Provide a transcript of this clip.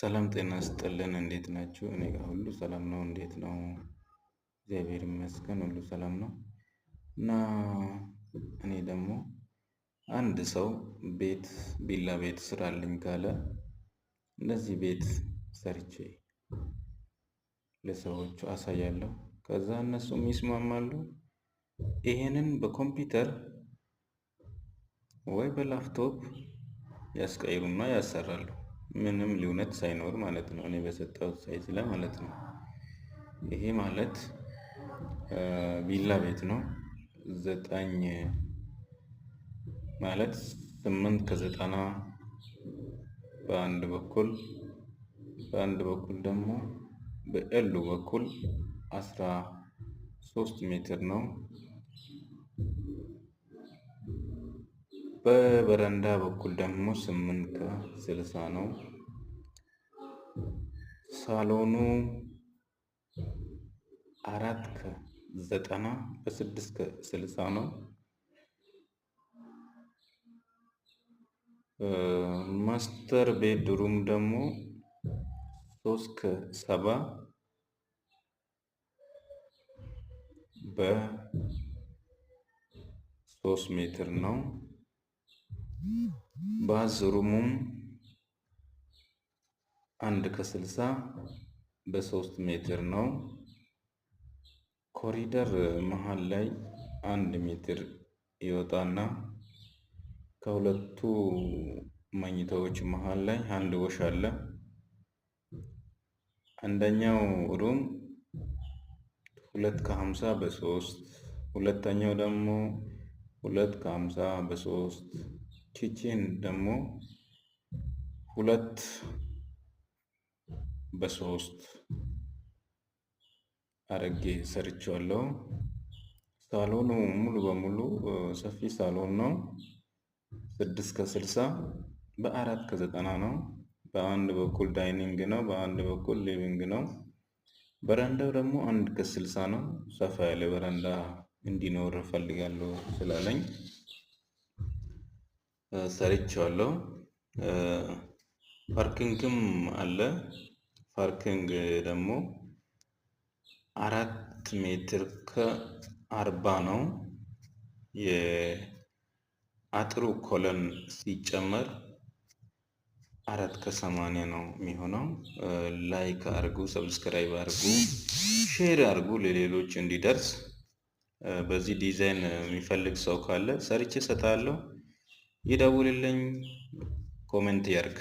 ሰላም ጤና ስጥልን። እንዴት ናችሁ? እኔ ጋር ሁሉ ሰላም ነው። እንዴት ነው? እግዚአብሔር ይመስገን ሁሉ ሰላም ነው። እና እኔ ደግሞ አንድ ሰው ቤት ቢላ ቤት ስራልኝ ካለ እንደዚህ ቤት ሰርቼ ለሰዎቹ አሳያለሁ። ከዛ እነሱም ይስማማሉ። ይሄንን በኮምፒውተር ወይ በላፕቶፕ ያስቀይሩና ያሰራሉ። ምንም ልዩነት ሳይኖር ማለት ነው። እኔ በሰጠሁት ሳይዝ ላይ ማለት ነው። ይሄ ማለት ቪላ ቤት ነው። ዘጠኝ ማለት ስምንት ከዘጠና በአንድ በኩል በአንድ በኩል ደግሞ በኤሉ በኩል አስራ ሶስት ሜትር ነው። በበረንዳ በኩል ደግሞ ስምንት ከስልሳ ነው። ሳሎኑ አራት ከዘጠና በስድስት ከስልሳ ነው። ማስተር ቤድሩም ደግሞ ሶስት ከሰባ በሶስት ሜትር ነው። ባዝሩሙም አንድ ከስልሳ በሶስት ሜትር ነው። ኮሪደር መሀል ላይ አንድ ሜትር ይወጣና ከሁለቱ መኝታዎች መሀል ላይ አንድ ወሽ አለ። አንደኛው ሩም ሁለት ከሀምሳ በሶስት ሁለተኛው ደግሞ ሁለት ከሀምሳ በሶስት ቺቺን ደግሞ ሁለት በሶስት አረጌ ሰርቼዋለሁ። ሳሎኑ ሙሉ በሙሉ ሰፊ ሳሎን ነው። ስድስት ከስልሳ በአራት ከዘጠና ነው። በአንድ በኩል ዳይኒንግ ነው፣ በአንድ በኩል ሊቪንግ ነው። በረንዳው ደግሞ አንድ ከስልሳ ነው። ሰፋ ያለ በረንዳ እንዲኖር እፈልጋለሁ ስላለኝ ሰርቻለሁ። ፓርኪንግም አለ። ፓርኪንግ ደግሞ አራት ሜትር ከአርባ ነው። የአጥሩ ኮለን ሲጨመር አራት ከሰማንያ ነው የሚሆነው። ላይክ አርጉ፣ ሰብስክራይብ አርጉ፣ ሼር አርጉ ለሌሎች እንዲደርስ። በዚህ ዲዛይን የሚፈልግ ሰው ካለ ሰርቼ እሰጣለሁ። ይደውልልኝ፣ ኮሜንት ያርግ።